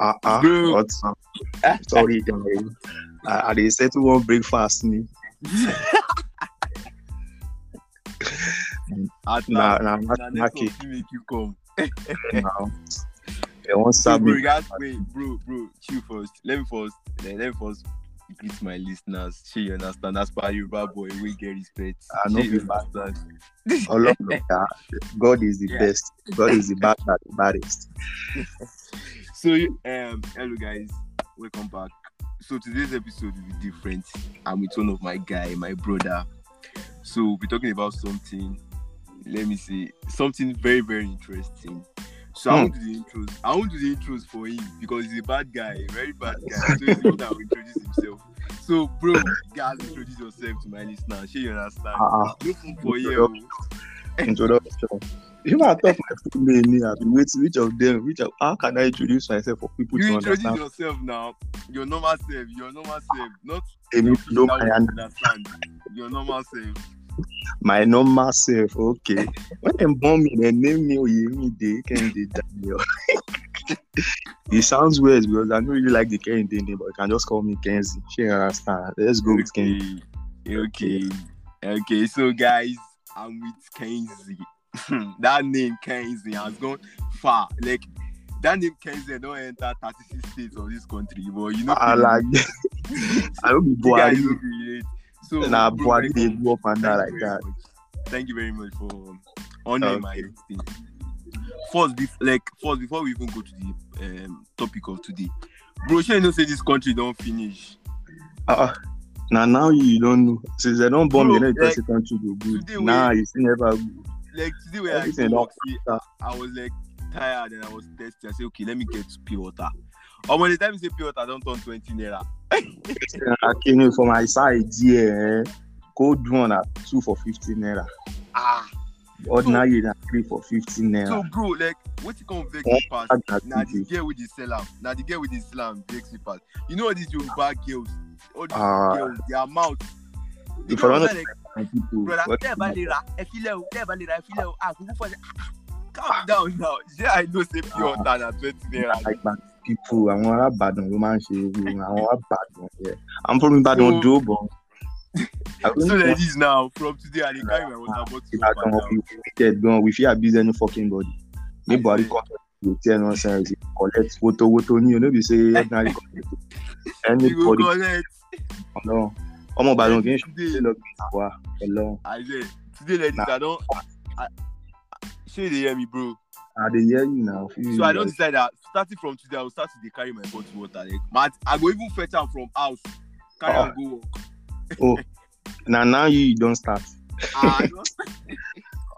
Ah ah, what? Sorry, Cameroon. I, they said to one breakfast me. At nah, nah, nah, nah, nah, make you come. nah. They won't stop bro, me. Guys, wait, bro, bro, chill first. Let me first, let me first greet my listeners. She you understand. That's why you bad boy we get respect. I know you bastard. All of God is the yeah. best. God is the baddest. So, um, hello guys, welcome back. So today's episode will be different. I'm with one of my guy, my brother. So we'll be talking about something. Let me see something very very interesting. So I hmm. want to do the intros. I want do the intros for him because he's a bad guy, a very bad guy. So he's the one that will introduce himself. So, bro, guys, introduce yourself to my listener. Sure, you understand? Uh-uh. Ah, Looking ah. for you. Oh. Introduction. You might talk my full name. I've been waiting. Which of them? Which of, how can I introduce myself for people you to understand? You introduce yourself now. Your normal self. Your normal self. Not. you do I understand. Your normal self. My normal self, okay. When they bomb me, they name me Oyemide Kende Daniel. it sounds weird because I don't really like the Kende name, but you can just call me Kenzi. She understand. Let's go okay. with Kenzi. Okay. Okay, so guys, I'm with Kenzi. that name Kenzi has gone far. Like that name Kenzie don't enter 36 states of this country, but you know. I like. I don't be boy. and Thank you very much for honoring my thing. First, bef- like first, before we even go to the um, topic of today, bro, you know say this country don't finish. Uh, now now you don't know. Since I don't bomb, you know like, the country go good. you see never good. Like today when I I was like tired and I was thirsty. I said, okay, let me get pure water. Oh, when the time you say pure water, I don't turn 20 naira. Kenny for my side here. Cold one at two for fifteen naira. Ah. Ordinary so, na three for fifteen naira. So bro, like wetin come vex me pass na the girl wey dey sell am na the girl wey dey sell am vex me pass. You know all these Yoruba girls, all these Ah, girls, their mouth. The Ìfọ̀rọ̀nà broda tẹ́ ẹ̀ bá lè ra ẹ filẹ̀ o tẹ́ ẹ̀ bá lè ra ẹ filẹ̀ o àkókò ah, fọ́ọ̀ṣẹ́ ah, calm down now ṣé I know say pure ọ̀tá ah. na twenty naira people àwọn ará Ìbàdàn ló máa ń ṣe àwọn ará Ìbàdàn yẹ i'm from Ìbàdàn Oǹdó bọ. so like this now from today i dey carry my water ah, bottle for back now. we wicked gan we fit abuse any fokin body make buhari come dey tell nonsense collect wotowoto ni o no be say ordinary collect anybody ọlọ́run ọmọ Ìbàdàn kì í ṣe lọ bí ìwà ọlọ́run. today like this i don ṣé you dey hear me bro. I didn't hear you now. So I don't decide that starting from today, I will start to carry my bottle water. Like, I go even fetch from house, carry am ah. oh. go. oh, now now you don't start. Ah, don't start.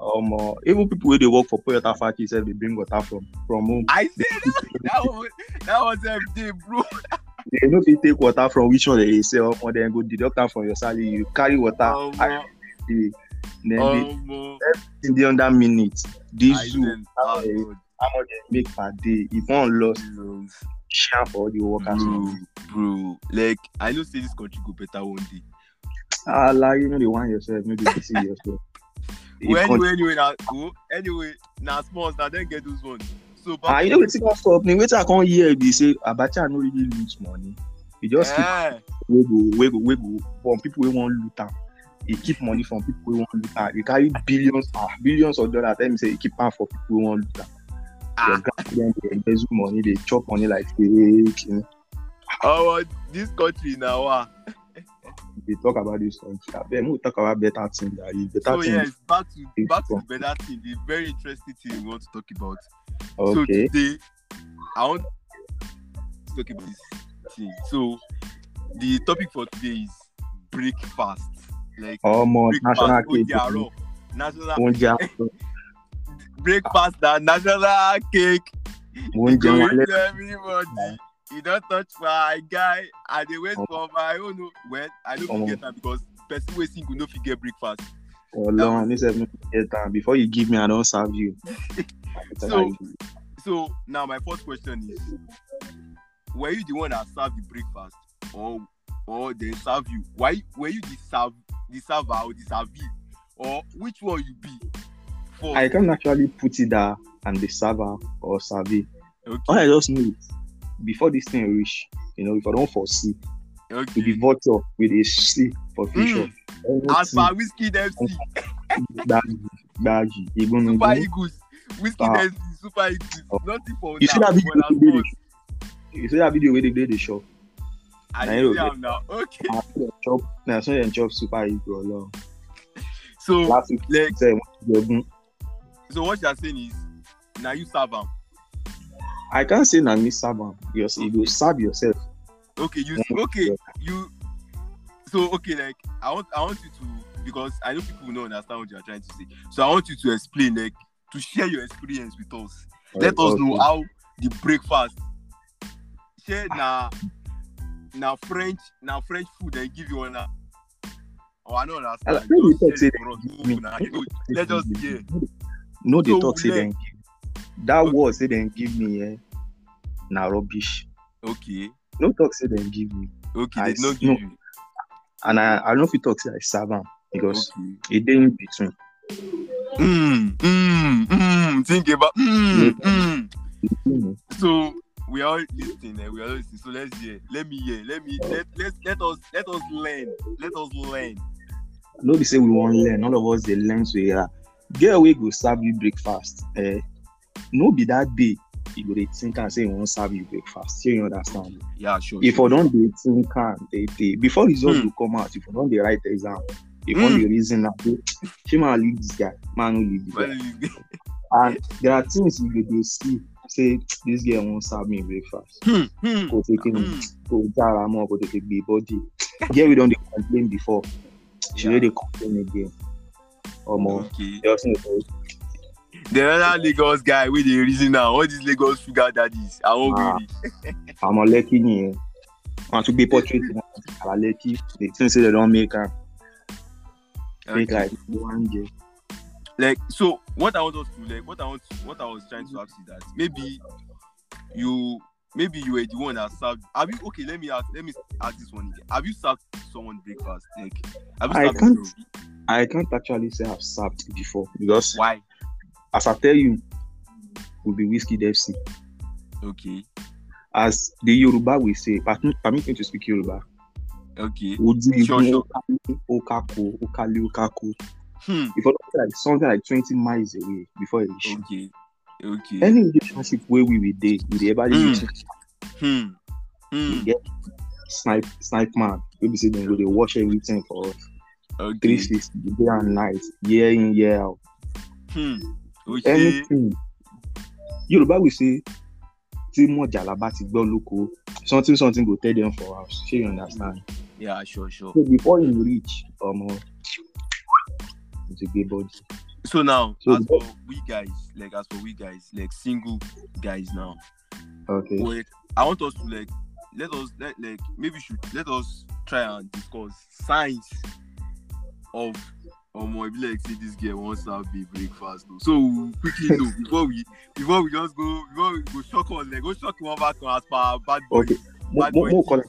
um, uh, even people where they work for Toyota factory said they bring water from from home. I said that was that was every day, bro. they know they you take water from which one they sell, or then go deduct that from your salary. You carry water. Um, I, Then oh, they, everything under minutes. This zoo, e how, much they make per day? If e one lost, sharp all the workers. Bro, bro, like I know say this country go better one day. Ah, like you know the one yourself, you know see yourself. well, anyway, anyway, now go. Oh, anyway, now small, now then get those ones. So, ah, you know wetin come stop me? Wetin I come hear be say Abacha no really lose money. He just yeah. keep eh. wey go wey go wey go from people wey wan loot am. he keep money from people who want to look at. He carry billions, ah, billions of dollars. Let me say, he keep out for people who want to look They grab Them, they embezzle money, they chop money like cake. You know. Our this country now. Ah. they talk about this country. Ah, then we talk about better things. Better so things. yes, back to back to better thing. The very interesting thing we want to talk about. Okay. So today, I want to talk about this thing. So the topic for today is breakfast. Like oh, my national cake. National breakfast that national cake. oúnjẹ you don't touch my guy i dey wait oh. for my own well i no fit oh. get am because person wey single no fit get breakfast. ọlọrun ní get am before you give me i don serve you. so so now my first question is were you the one that serve the breakfast or or dem serve you why were you the serve The server or the disavie or which one you be for? I can actually put it there and the server or savvy. Okay. All I just need before this thing reach, you know, if I don't foresee, okay. to be vulture with a C for future. Mm. As for whiskey MC. Baggy, baggy, even Super Eagles, whiskey uh, ah. Super Eagles, oh. nothing for you. See that video? You see that video where they play the show. Nairobi. I now. Okay. Now, so you chop super ego alone. So, last week, like, say, so what you're saying is, now you serve him. I can't say now me serve him you serve yourself. Okay, you okay you. So okay, like I want I want you to because I know people don't understand what you are trying to say. So I want you to explain, like to share your experience with us. Let us know how the breakfast. Share now. now French now French food they give you on Oh, I know that's like, no, they talk say them. Let us hear. No, they talk say them. That okay. word say them give me eh, na rubbish. Okay. No talk say them give me. Okay, they no give no, you. And I, I don't know if you talk say I serve them because okay. it e didn't between. Mm, mm, mm, think about hmm, mm, mm. mm. So we are listening and eh, we are listening. So let's hear. Let me hear. Let me let let let us let us learn. Let us learn. Nobody say we won't learn. All of us they learn so yeah. Get away go serve you breakfast. Eh, no be that day. You go they think and say we won't serve you breakfast. You understand? Yeah, sure. If sure. I don't they think and they, they before results mm. will come out, if I don't they write the exam, if mm. one the reason that she man leave this guy, man will leave this guy. and there are things you go see say this girl won't serve me breakfast. Go take him, go jar more, go take the body. Girl, we don't complain before. She yeah. really complain again. Omo, okay. The other Lagos guy with the reason now, all these Lagos sugar daddies, I won't ah, I'm a lucky name. Want to be portrayed as a lucky. They think they don't make her. Okay. Make like one day. like so what i want us to like what i want what i was trying to ask is that maybe you maybe you were the one that served have you okay let me ask let me ask this one again have you served someone breakfast like have you i can't i can't actually say i've served before because why as i tell you will be whiskey FC. okay as the yoruba will say permit me to speak yoruba okay sure, sure. Hmm. If I like something like 20 miles away before it reach. Okay. Okay. Any relationship where we will date, with everybody Hmm. Hmm. Get snipe snipe man. We be say with go dey watch everything for us. Okay. 360 day and night, year in year out. Hmm. Okay. Anything. Yorùbá we say tí mọ̀jàlá bá ti gbọ́ gbo something something go tell them for us. Sure you understand? Yeah, sure, sure. So before you reach, um, into gay bodies. So now, so, as for we guys, like as for we guys, like single guys now. Okay. Wait. I want us to like let us let, like maybe should let us try and discuss signs of um, or more be like say this girl wants to have a breakfast though. so quickly no before we before we just go before we go shock on like go shock one back on as per bad boy okay. bad boy more call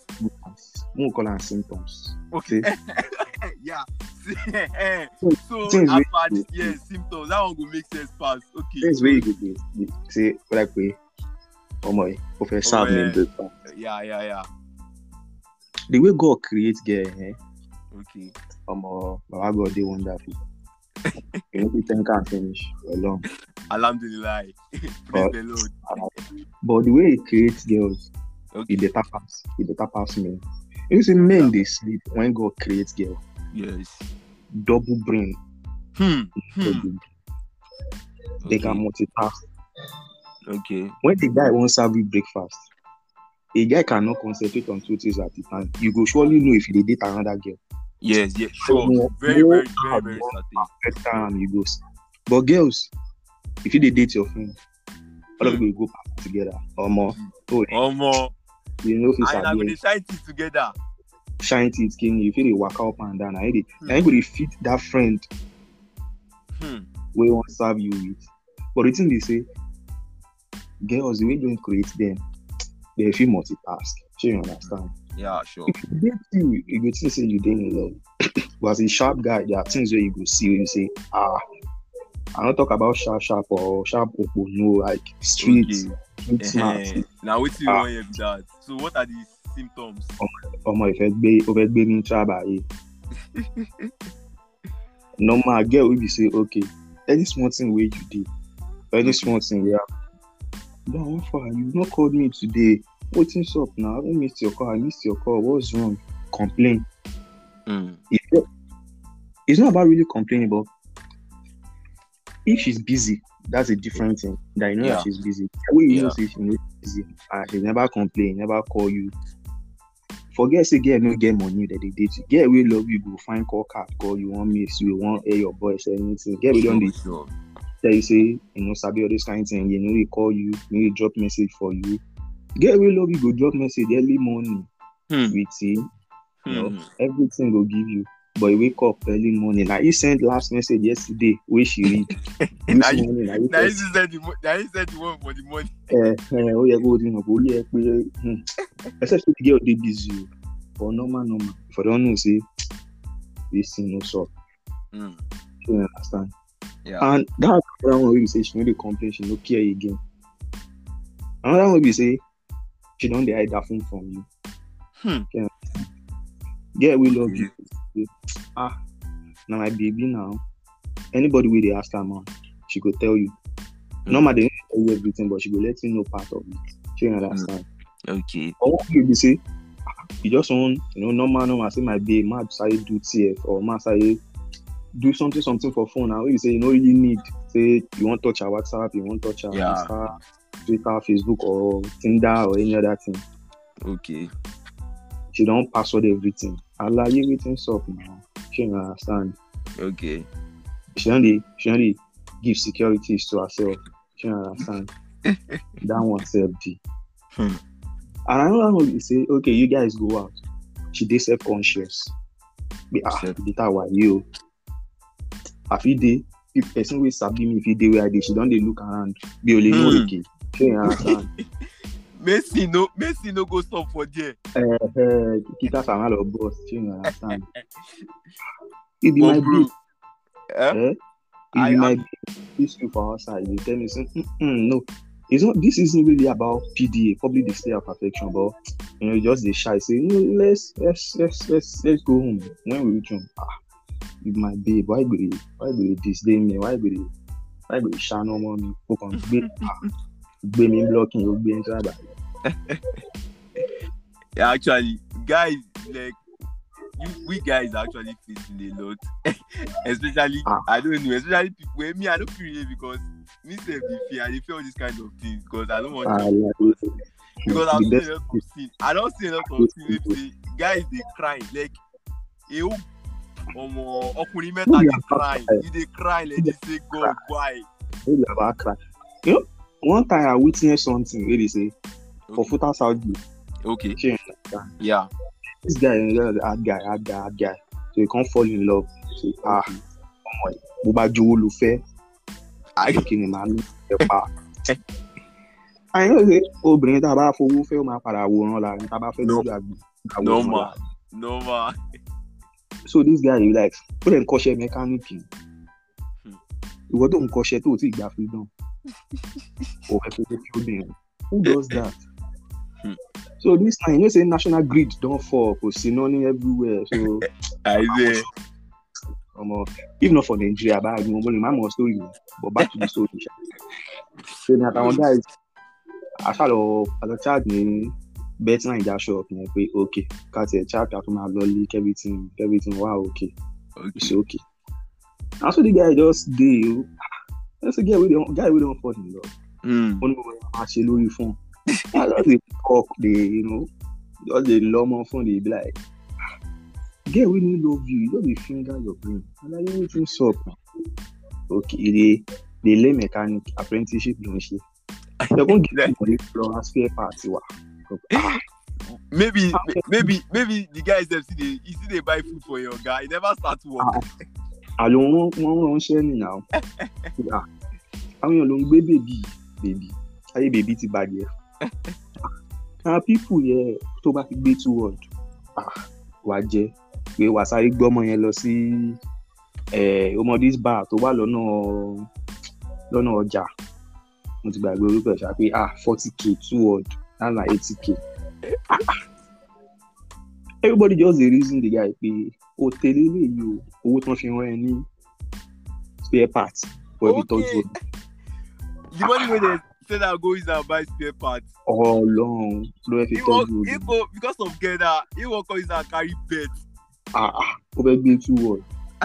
more call symptoms okay yeah. so things apart, really, yeah, symptoms. That one will make sense pass. Okay. Things very good. good. See, like we, oh my, professor, oh, eh. yeah. yeah, yeah, yeah. The way God creates girl, eh? Okay. Um, uh, our God, they wonderful. Everything can we finish alone. Alhamdulillah. Praise but, the Lord. but the way it creates girls, okay. it better pass. It better pass men. You see, men, they sleep when God creates girls. Yes. Double brain. Hmm. hmm. They okay. can multitask. Okay. When the guy wants to have breakfast, a guy cannot concentrate on two things at the time. You go surely know if he date another girl. Yes, yes, sure. So, very, no, very, very, very, very certain. He goes. But girls, if you date your friend, all of you go together or more. Hmm. Oh, more. You know, if it's I, I'm going to together shine teeth skin you feel dey waka up and down hmm. na you go fit that friend hmm. wey wan serve you with but the thing be say girls the way dem create dem dem fit multitask shey you understand. Hmm. Yeah, sure. If you see, you, you go think say you dey in love. but as a sharp guy, there are things where you go see where you say, ah, I don't talk about sharp, sharp or sharp opo, no, like street, okay. street smart. now what you ah. that? So what are these symptoms. Ọmọ ìfẹ́ gbé ó fẹ́ gbé ní traba yìí. Normal girl will be say okay any small thing wey you any small thing wey have. Don't worry. you not called me today What's up now? I haven't missed your call I missed your call what's wrong complain. Mm. it's not about really complaining but if she's busy that's a different thing that you know yeah. she's busy. The way you yeah. know she's busy and ah, she never complain never call you Forget say get no get money that they date you. Get we love you go find call card. call you want miss you want hear your voice anything. get we don't do sure. you say you know sabi all this kind of thing. You know we call you, we drop message for you. Get we love you go drop message early morning. Hmm. With you know, hmm. everything will give you. but he wake up early morning. Now he sent last message yesterday, where she read. now, morning, now he said the now he said the one for the morning. Eh, eh, oh yeah, go dinner, go yeah, yeah. Except the girl dey busy, but normal, normal. For the one who say this thing no sup. Mm. You understand? Yeah. And that that one we say she made a complaint, she no care again. Another one we say she don't dey hide her phone from you. Hmm. Yeah. Girl, we love you. Ah, now my baby now. Anybody with the ask her man, she could tell you. Mm. Normally they tell you everything, but she could let you know part of it. She hmm. understand. Mm. Okay. Or what you be say? Ah, you just want, you know, normal, normal. Say my baby, my say do TF or man say do something, something for phone. Now you say you know you need. Say you want touch her WhatsApp, you want touch her yeah. Twitter, Facebook, or Tinder or any other thing. Okay. She don't password everything. Alaye ratings up now. She understand. Okay. She only she only give securities to herself. She understand. that one self D. Hmm. And another one will say, okay, you guys go out. She did ah, self conscious. Be ah, data why you. If you dey, if person will sabi me, if you dey where I did. she don't dey look around. Be only know hmm. again. She understand. messi no messi no go stop for there. kita sama lo boss you know understand. e be my bro. Eh? eh? I, my I'm... this you for outside. You tell me, say, no, it's not. This isn't really about PDA, probably the state of perfection, but you know, just the shy say, no, mm, let's let's let's let's let's go home. When we reach home, ah, with my babe, why go you, why go you disdain me? Why go you, why go shy no more me? Go on, be mi blocking, go gbé into that. actually, guys, like you, we guys are actually facing a lot. especially ah. I don't know, especially people me, I don't feel because me self the fear, I feel all these kind of things because I don't want ah, to yeah. because I'm seen a lot of scene. I don't see a lot of scene guys they cry. like a e ọmọ ọkùnrin mẹ́ta dey cry he dey cry like dey say God why. one time I witnessed something wey dey say for Futa Saudi. Okay. Yeah. This guy the a hard guy, hard guy, hard guy. So he can't fall in love. Say, ah, ọmọ yìí, bó bá jowó ló fẹ́, kí ni màá ní ẹ pa. Àyìnbó ṣe obìnrin tá a bá fowó fẹ́ ó máa padà a bá No ma, no ma. So this guy you Put in lè ń kọ́ṣẹ́ mẹkáníìkì. Hmm. Ìwọ tó ń kọ́ṣẹ́ tó ti gbà freedom. Òfẹ́ fẹ́ fẹ́ obìnrin. Who does that? So this time, you know, say national grid don't fall, for synonyms everywhere. So I say. Um, if not for Nigeria, but I remember my mom's story. But back to the story. so that I wonder is, I shall as a child ni betting Naija shop ni pe okay, ká tiẹ̀ chat àti my lọ everything everything wá okay. okay. It's okay. And so the guy just dey, ah, that's a guy wey don guy wey don fall in love. Hmm. Ó ní mo I just dey talk dey you know just dey lomo phone dey be like ah, girl wey no love you you just dey finger your brain and na you wetin sup okay you e dey dey lay mechanic apprenticeship ló ń ṣe you go give me money for spare part maybe ah, maybe maybe the guy is still dey he still dey buy food for your guy he never start work. Ah, àlọ́ wọn wọn ránṣẹ́ nìyà àwọn èèyàn ló ń gbé bèbí bèbí ayé bèbí ti bàjẹ́ àwọn pípù yẹ tó bá fi gbé two word ah, wàá jẹ pé wàá sáré gbọ́mọ yẹn lọ sí ọmọdé bar tó wà lọ́nà lọ́nà ọjà mo ti gbàgbé orúkọ ẹ̀ ṣá pé ah forty k two word nana eighty k ah, ah. everybody just dey reason the guy pé o tẹ̀lé léyìí o owó tí wọ́n fi rán ẹ ní spare parts for every third word. the money wey dey said I'll go use and buy spare parts. Oh, long. No, he he go, because of Geda, he will on come use and carry pets. Ah, Over too, what?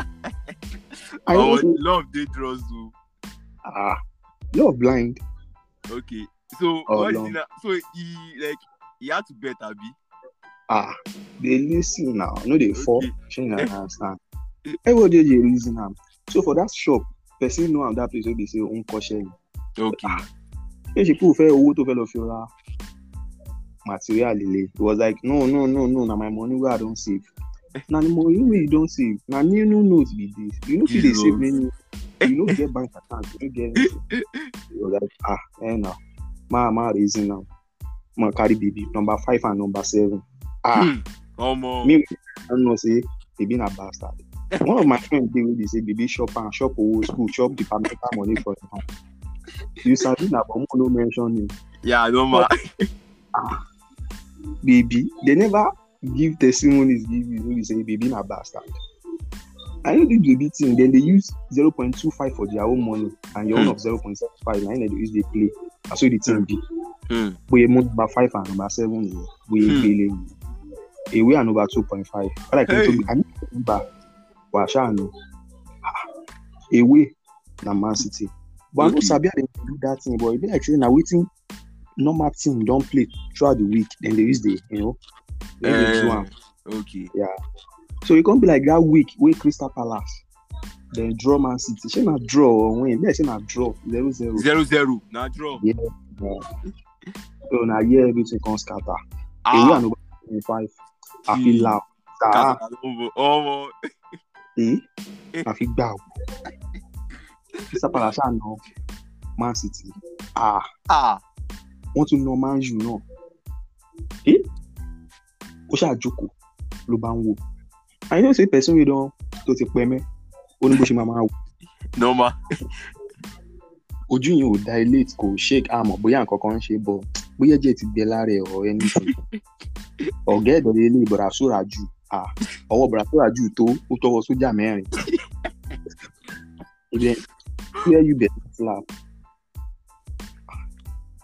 I oh, also... love dangerous, too. Oh. Ah, you're blind. Okay. So, oh, so he, like, he had to bet, Abby. Ah, they listen now. No, they fall. She don't understand. Everybody, they reason. Now. So, for that shop, person know am that place wey they say own Okay. Ah, yóò ṣe pé o fẹ́ owó tó fẹ́ lọ fi ra material lele It was like no no no no na my money wey i don save na the money wey you don save na new new note be this you no fit dey save many you no get bank account you no get anything he was like ah eh na ma ma reason am ma carry baby number five and number seven ah hmm, omo me i don know say baby na bastard one of my friends dey wey dey say baby shop am shop owo school shop departmental money for him you sabi na but mo no mention him. yeah no know ma. baby they never give testimonies give you know say baby na bastard i no do baby thing then they use zero point two five for their own money and your own hmm. of zero point seven five na im dem dey use dey play na so the thing hmm. be. oye hmm. mo number five and number seven ye oye gbele ewe and number two point five but i can tell you i no remember wa ṣa no ewe na man city But okay. I no sabi how they do that thing. But it be like say na wetin normal team don play throughout the week, then they use the you know. Uh, okay. Yeah. So it can be like that week wey Crystal Palace dem draw Man City. Shey na draw or win? Let's say na draw zero zero. Zero zero. Na draw. Yeah. yeah. so na here everything come scatter. Ah. Ewu and Ogbonna five. I feel loud. Ah. Omo. Eh? I feel gbà Crystal Palace ṣáà nà Man City ah ah wọ́n tún nà Man U náà eh? ó ṣáà jókòó ló bá ń wò and you know say person wey don tó ti pẹ́ mẹ́ ó ní bó ṣe máa máa wò. nọ́ọ̀mà. ojú yẹn ò da ilé kò shake àmọ́ bóyá nǹkan kan ń ṣe bọ̀ bóyá ẹ̀jẹ̀ ti gbẹ lára ẹ̀ ọ̀ ẹni tó ọ̀gá ẹ̀dọ̀ ilé ìbọ̀rà sóra jù ọwọ́ ìbọ̀rà sóra jù tó ó tọwọ́ sójà mẹ́rin hear you better slap.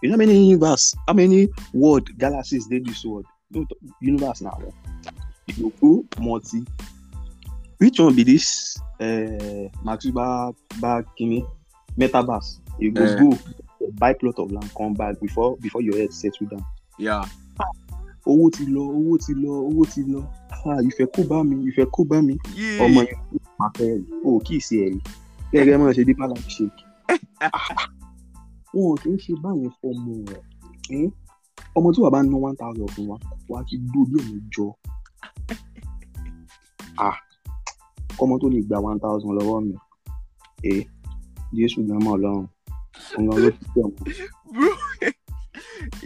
You know how many universe, how many world galaxies did this word Don't universe now. You go multi. Which one be this? Uh, eh, Max back back metaverse. You go eh. go buy plot of land, come back before before your head settle down. Yeah. Owó ti lọ, owó ti lọ, owó ti lọ. Ah, ìfẹ́ kó bá mi, ìfẹ́ kó bá mi. Ọmọ yẹn máa fẹ́ rí. O kì í ṣe ẹ̀rí gẹ́gẹ́ mọ̀ ṣe dípà láti ṣe kí wọn kì í ṣe báyẹn fọmọ rẹ̀ ọmọ tí wàá bá ná one thousand fún wa wàá ti dó bí ọmọ jọ kọ́mọ tó lè gba one thousand lọ́wọ́ mi jésù gan mọ̀ lọ́rùn ọ̀nà ló ti tẹ̀ wọ́n.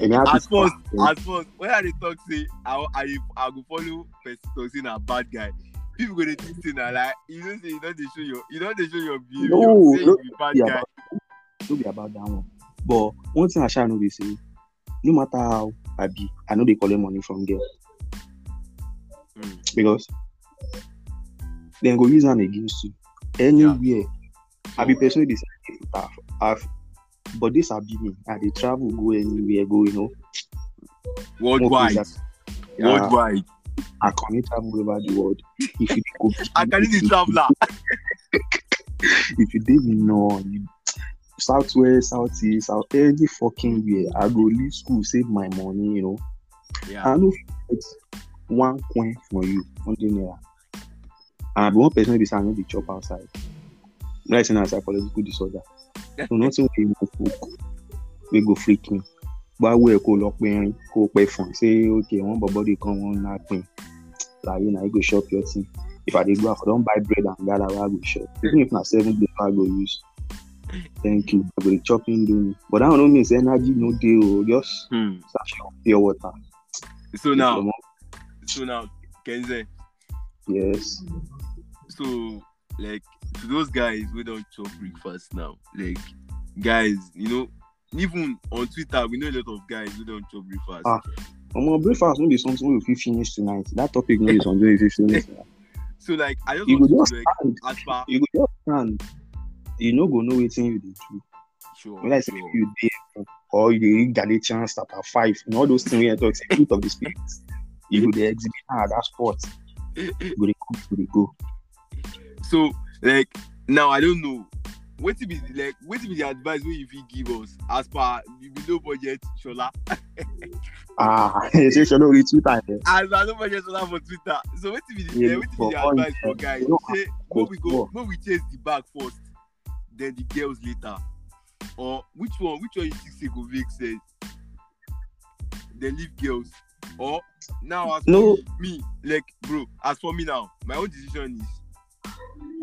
Èmi á first, at first, when I talk say I I I go follow person talk say na bad guy, people gonna think thing like you don't say you don't show your you don't show your view. No, you be bad guy. don't be about that one. But one thing I shall know is no matter how I be, I know they call collect money from girl. Mm. Because then go use them against you. Anywhere. Yeah. I be personally decided i have but this I are me. I they travel go anywhere go, you know. Worldwide. Worldwide. I can travel over the world. If you go, I can be traveler. if you didn't know southwest, southeast, south any fucking way, I go leave school, save my money, you know. Yeah. I know it's one coin for you, one naira. And one person be saying the chop outside. Right now, psychological disorder. So nothing we go freaking. bá wù ẹ́ kó lọ pinrin kó pẹ́ fún ṣé okay one bọ̀bọ́dé kan wọn náà pin láyé na you go shop your thing if i dey go out i don buy bread and gala wey i go shop even if na seven days i go use thank you i go dey chop indomie but that one no mean say energy no dey o oh, just hmm. start chop pure water. so now so now kenze. yes. so like to those guys wey don chop breakfast now like guys you know even on Twitter, we know a lot of guys who don't chop breakfast. Ah, um, breakfast will be something we will finish tonight. That topic no is something we finish. tonight. so like, I just you want just to stand. like, as far you go just stand. You know, go know waiting you do. Sure. When I say sure. you did or you did Galatians chapter five, and all those things we are talk fruit of the spirit. You go the exhibit ah, that sport. You go to go. So like now I don't know wetin be like wetin be the advice wey you fit give us as per the no budget shola. ah ṣe ṣe lórí twitter yẹn. Eh? as per no budget shola for twitter so wetin be the yeah, wetin be the advice for eh? guys say ah, make we go make we chase the bag first then the girls later or which one which one you think say go make sense then leave girls or now as no. for me like bro as for me now my own decision is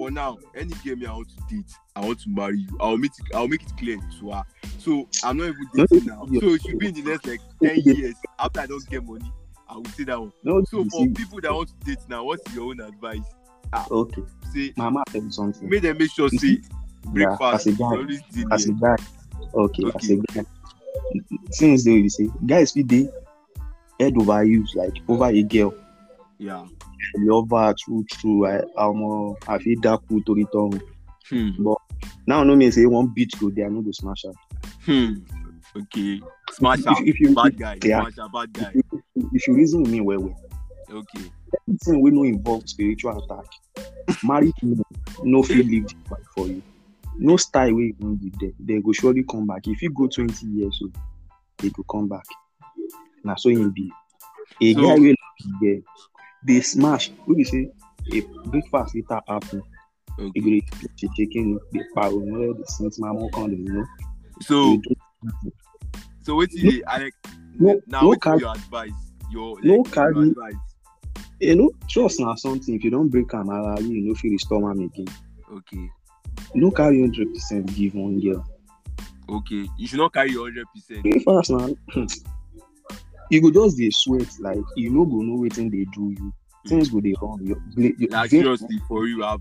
for now, any girl me I want to date, I want to marry you. I'll make it, I'll make it clear to her. Ah, so I'm not even dating now. So it should be in the next like ten years after I don't get money. I will say that one. No, so for people that want to date now, what's your own advice? Ah, okay. Say, Mama, tell me something. Make them make sure say breakfast. Yeah, as a guy, as a guy. Okay, okay, as a guy. Since they will say guys, we they head over heels, like over a girl. Yeah. lover true true I ọmọ àfi dákú torí tọrùn but now no mean say one beat go there i no go smash am. Hmm. okay smash am bad guy yeah. smash bad guy. If you, if you reason with me well well. okay. anything wey no involve spiritual attack married woman no fit live the for you no style wey you wan give they go surely come back if you go twenty years old they go come back na so im be a guy will be the this smash when be say a breakfast later happen okay. e go dey the chicken power, the well dey scent know. so so wetin dey alex no, now no wetin your advice your no carry, advice. you know trust now something if you don't break am ara you know, feel the storm again. okay. no carry hundred percent give one girl. okay you should not carry hundred percent. breakfast man. you go just dey sweat like you no go know wetin dey do you things go dey wrong your blade your na seriously for you have.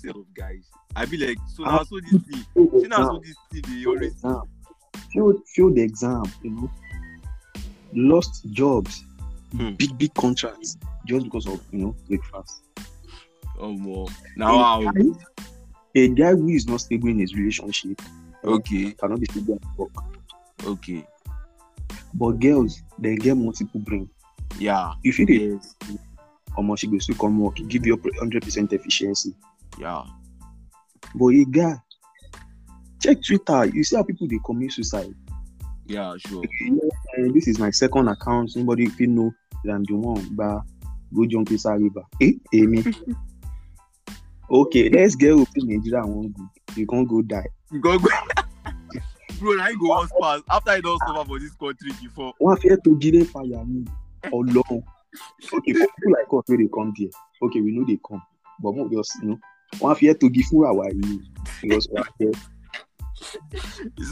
set of guys i be like so na so this thing so na so this thing dey always Show the exam you know lost jobs hmm. big big contracts just because of you know breakfast omo um, now a guy, a guy who is not stable in his relationship okay cannot be stable at work okay but girls they get multiple brain yeah if you dey omo she go still come work give you hundred percent efficiency yeah but a guy check twitter you see how people dey commit suicide yeah sure uh, this is my second account nobody fit know that i'm the one gba go jump inside river eh emi okay let's get open nigeria one good you con go die you con go bro, na you go once pass. After you don suffer for this country before. Wọ́n fẹ́ tó jíde fàyà ni ọlọ́run. Okay, for people like us wey dey come there, okay, we no dey come, but mo just you know, wọ́n fẹ́ tó give fún àwa yìí because wọ́n fẹ́.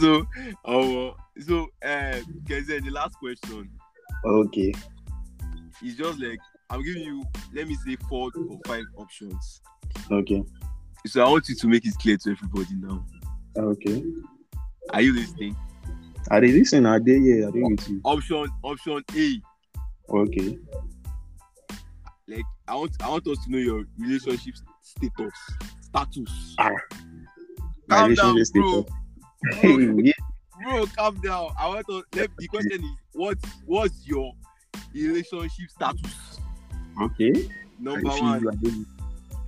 So, ọwọ, um, uh, so uh, um, Keze, the last question. Okay. It's just like I'm giving you, let me say, four or five options. Okay. So I want you to make it clear to everybody now. Okay. Are you listening? Are they listening? Are they yeah? Are they with Option option A. Okay. Like I want I want us to know your relationship status. Status. Ah. My calm down, bro. Bro, bro, calm down. I want to let the question is what what's your relationship status? Okay. Number one. Like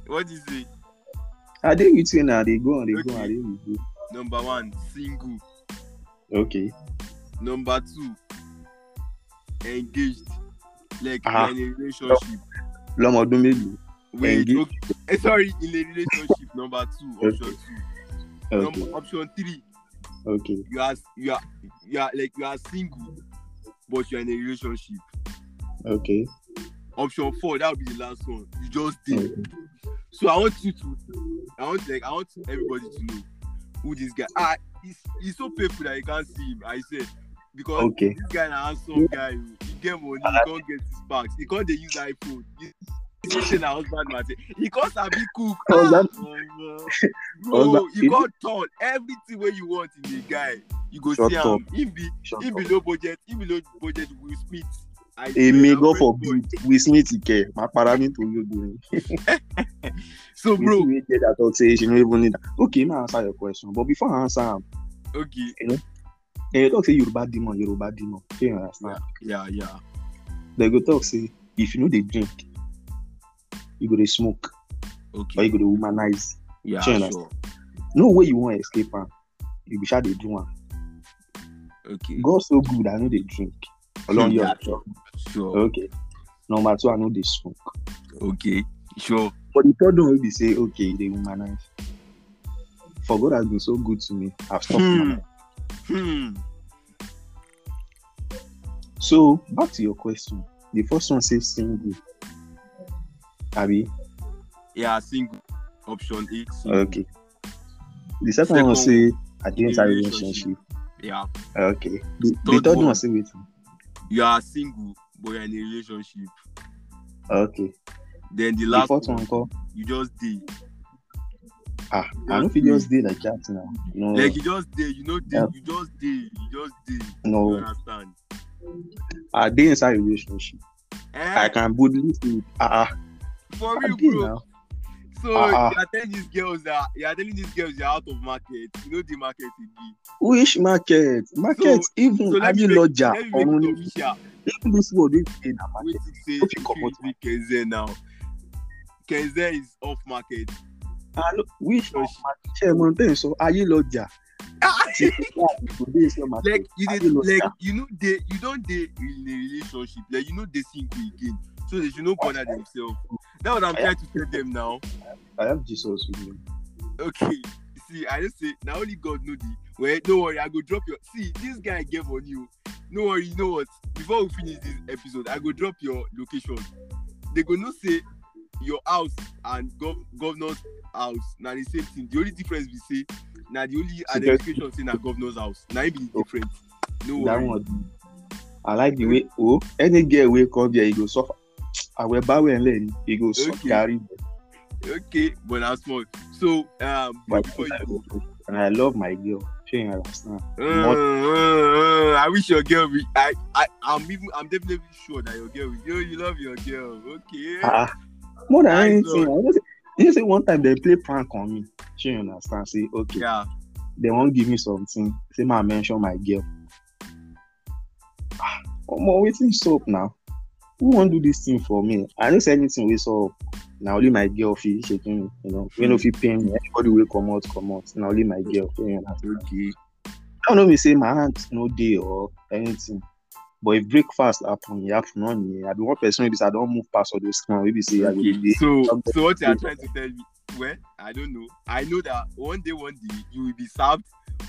what is it? I they with you now? They go and they okay. go and they with you. Number one, single. Okay. Number two, engaged. Like ah. in a relationship. Lọ́mọdún mélòó? Wait, engaged. okay. Eh, sorry, in a relationship, number two, okay. option two. Okay. Number, option three. Okay. You are you are you are like you are single, but you are in a relationship. Okay. Option four, that would be the last one. You just did. Okay. So I want you to I want like I want everybody to know who this guy ah he's, he's so painful that you can't see him i said because okay. this guy na handsome guy he get money he ah. don't get his bags he come dey use iphone he he say na husband matter he come sabi cook ah omo bro he got turn everything where you want in the guy you go Shut see am him be him be low budget him be low budget will smith èmi god forbid will smith kẹ máa para nítorí obìnrin so bro will smith kẹ that talk say she no even need that okay now answer your question but before i answer am okay you know they talk say yoruba demon yoruba demon shey you understand yeah yeah, yeah. they go talk say if you no dey drink you go dey smoke okay or you go dey womanize yeah sure. no way you wan escape am you be sha dey do am okay god so good i no dey drink. Along your sure. sure. Okay. Number two, I know they smoke. Okay, sure. But the third one will be say, okay, they humanize. For God has been so good to me. I've stopped hmm. hmm. So back to your question. The first one says single. Abi? Yeah, single. Option A. Single. Okay. The second, second one say I didn't have relationship. relationship. Yeah. Okay. The, third, the third one, one say waiting. you are single but you're in a relationship. Okay. Then the last the one, one call. you just did. Ah, I don't you just did like that now. No. Like you just did, you know, yeah. you just did, you just did. No. You understand? I did inside a relationship. Eh? I can boldly say, ah, ah. For real, bro. Now. So uh-uh. you are telling these girls that you are telling these girls you're out of market. You know the market is be. Which market? Market so, even so you Loja ọ̀run ni. Even this world wey dey na market. Wetin you Kenze now? Kenze is off market. Alo ah, which market? Ṣé ẹ So are you sọ like you dey like you know, they you don't dey in a relationship like you know, dey single again so they should not corner themselves. That's what I'm trying to tell them now. I have Jesus with me. Okay. See, I just say now only God knows the well, don't worry, I go drop your see this guy gave on you. No worry, you know what? Before we finish this episode, I go drop your location. They go not say your house and gov- governor's house. Now the same thing. The only difference we say now the only identification thing at governor's house. Now it be oh. different. No worry. I like the way oh any girl will come here, he go suffer àwẹ̀ báwẹ̀ ńlẹ̀ ni it go okay. soft carry okay but that's small so um, but before you and I love my girl She you understand. Uh, uh, uh, I wish your girl be I I I'm even I'm definitely sure that your girl be yo you love your girl okay. uh, more than I anything I just you say one time they play prank on me She you understand say okay. Yeah. They won't give me something. Say, my mention my girl. Ah, omo, waiting soap now? who won't do this thing for me? I don't say anything we saw. Now only my girl feel shaking, me, you know. When if you pay me, everybody will come out, come out. Now only my girl pain. Okay. I don't know me say my aunt no day or anything. But if breakfast happen, you have none. I be one person I don't move past all those things. Maybe say okay. So so what you are trying to tell me? Well, I don't know. I know that one day, one day you will be served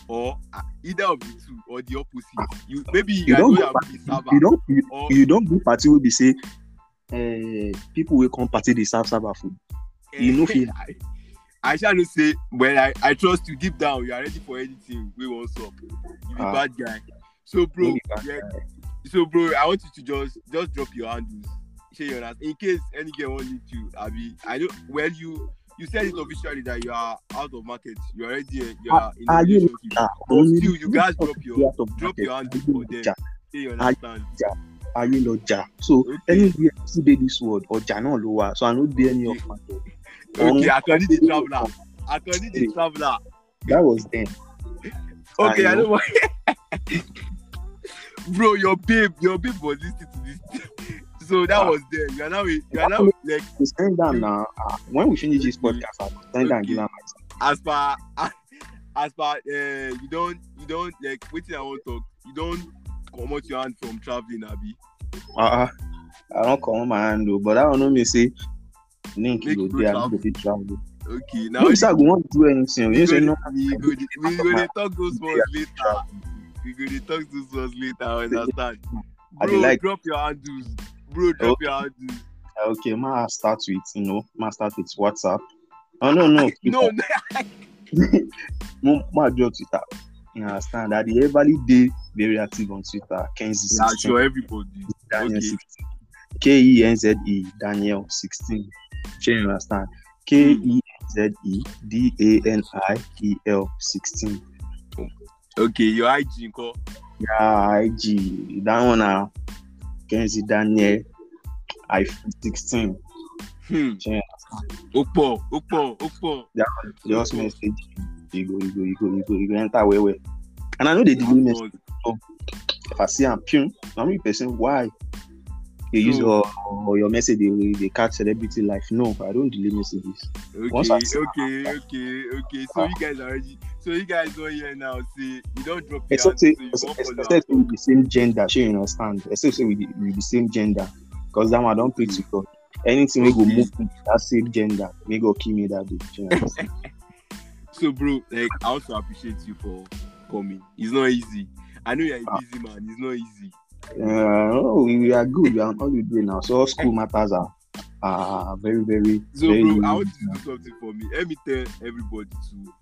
or ah, either of the two or the opposite. You ah, maybe you, you don't go party, you don't you, or, you don't go party wey be say uh, people will come party dey serve server food. Uh, you eh, know, fit. I shall not say Well, I, I trust you deep down, you are ready for anything. We want up. You be uh, bad guy. So bro, yeah, so bro, I want you to just just drop your handles. Share your In case any girl wants you to, Abi, I know when you you said it officially that you are out of market. You already eh, you are, are in are you, still you guys drop your drop your hand before them. Say you understand. Are you not ja? So okay. anywhere I see this word or ja not lower. So I don't be any of my Okay, I can need the traveler. I can need the traveler. That was then. Okay, I, I don't want Bro, your babe, your babe was listening to this. So that ah. was there. You are now, you are now like. send down now. Uh, when we finish this podcast, I'll stand down and give As far, as far, uh, eh, you don't, you don't like. Waiting, I to talk. You don't come out your hand from traveling, Abi. Uh-uh. I don't come my hand though, but I don't know me say. Link you go there, to fit travel. Okay, now. You said go want do anything. You say no. We go, we go talk those ones later. We go talk those ones later. Understand? Bro, I like drop your handles. Bro, drop okay. your ID. Okay, ma start with you know, ma start with WhatsApp. Oh no, no, no, no. ma drop Twitter. You understand that the every day very active on Twitter. Kenzie. Yeah, sure, everybody. Daniel okay. 16. K E N Z E Daniel 16. Sure, you understand. K E N Z E D A N I E L 16. Okay, your IG, call. Yeah, IG. That one now. Uh, Mackenzie Daniel iPhone sixteen. Hmm. ó pọ̀ ó pọ̀ ó pọ̀. just message you go you go you go you go you go enter well well and I know they oh delay message so if I see am pum na me person why you so, use your or your message they, they catch celebrity life. No, I don't delay messages. Okay, okay, that, okay, okay. So uh, you guys already so you guys go here now see you don't drop it. Except, so except, except with the same gender, Sure, you understand. Except with the, with the same gender. Because that I don't pray hmm. to God. Anything okay. we go move that same gender, We go kill me that day. so bro, like I also appreciate you for coming. It's not easy. I know you're a ah. busy man, it's not easy. Uh, oh, we are good. We are all you doing now. So all school matters are, are very, very. So, very, bro, I want to do something for me. Let me tell everybody to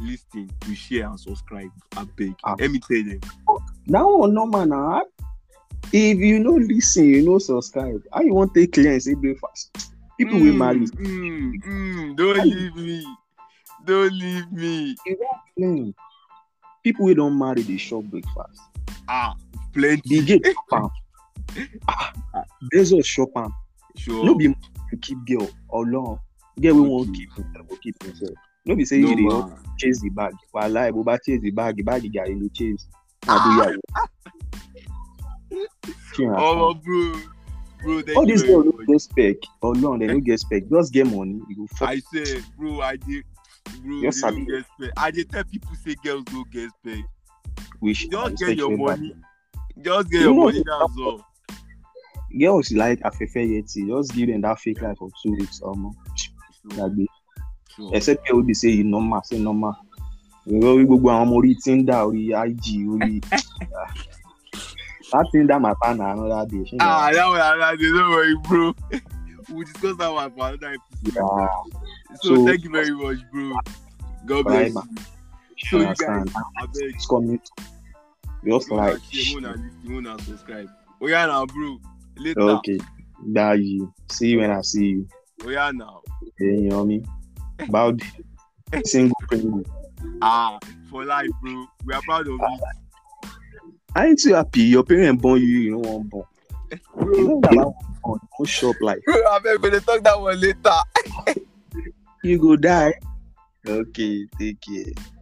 listen, to share, and subscribe. I beg. Uh, Let me tell them. Now, no man. If you know listen, you know subscribe. How you want take and say breakfast. People mm, will marry. Mm, mm, don't leave me. Don't leave me. People will don't marry. the shop breakfast. Ah, plenty. The gate chop am. Ah, Bezos chop Sure. No be to keep girl or long. Girl we wan keep himself go keep himself. No be say you dey chase the bag. Wallahi, bó bá chase the bag, the bag you gari lo chase. Na do yàrá. Ọmọ bro. Bro, thank All these girls no get spec. Ọlọ́run, they no get spec. Just get money. You go fuck. I say, bro, I dey. Bro, yes, they no get spec. I dey tell people say girls no get spec. we just get your money. Back. Just get you your money. That's all. Girls like Afefe Yeti. Just give them that fake life for two weeks or more. Sure. That'd be. Sure. Except people will be saying normal, say normal. Ìrọ̀rí gbogbo àwọn ọmọ orí Tinder orí IG orí. That my partner another day. Ah, that one another day. Don't worry, bro. We discuss that one for another episode. Yeah. So, so thank you very much, bro. God bless you show you guys abeg it's coming just like una subscribe oya oh, na bro later okay gbayi see you when i see you oya oh, You know me. About single pengu ah for life bro we are proud of you. I ain't too happy your parents born you you no wan born you know that one born no chop like. abeg we dey talk that one later. you go die. okay take care.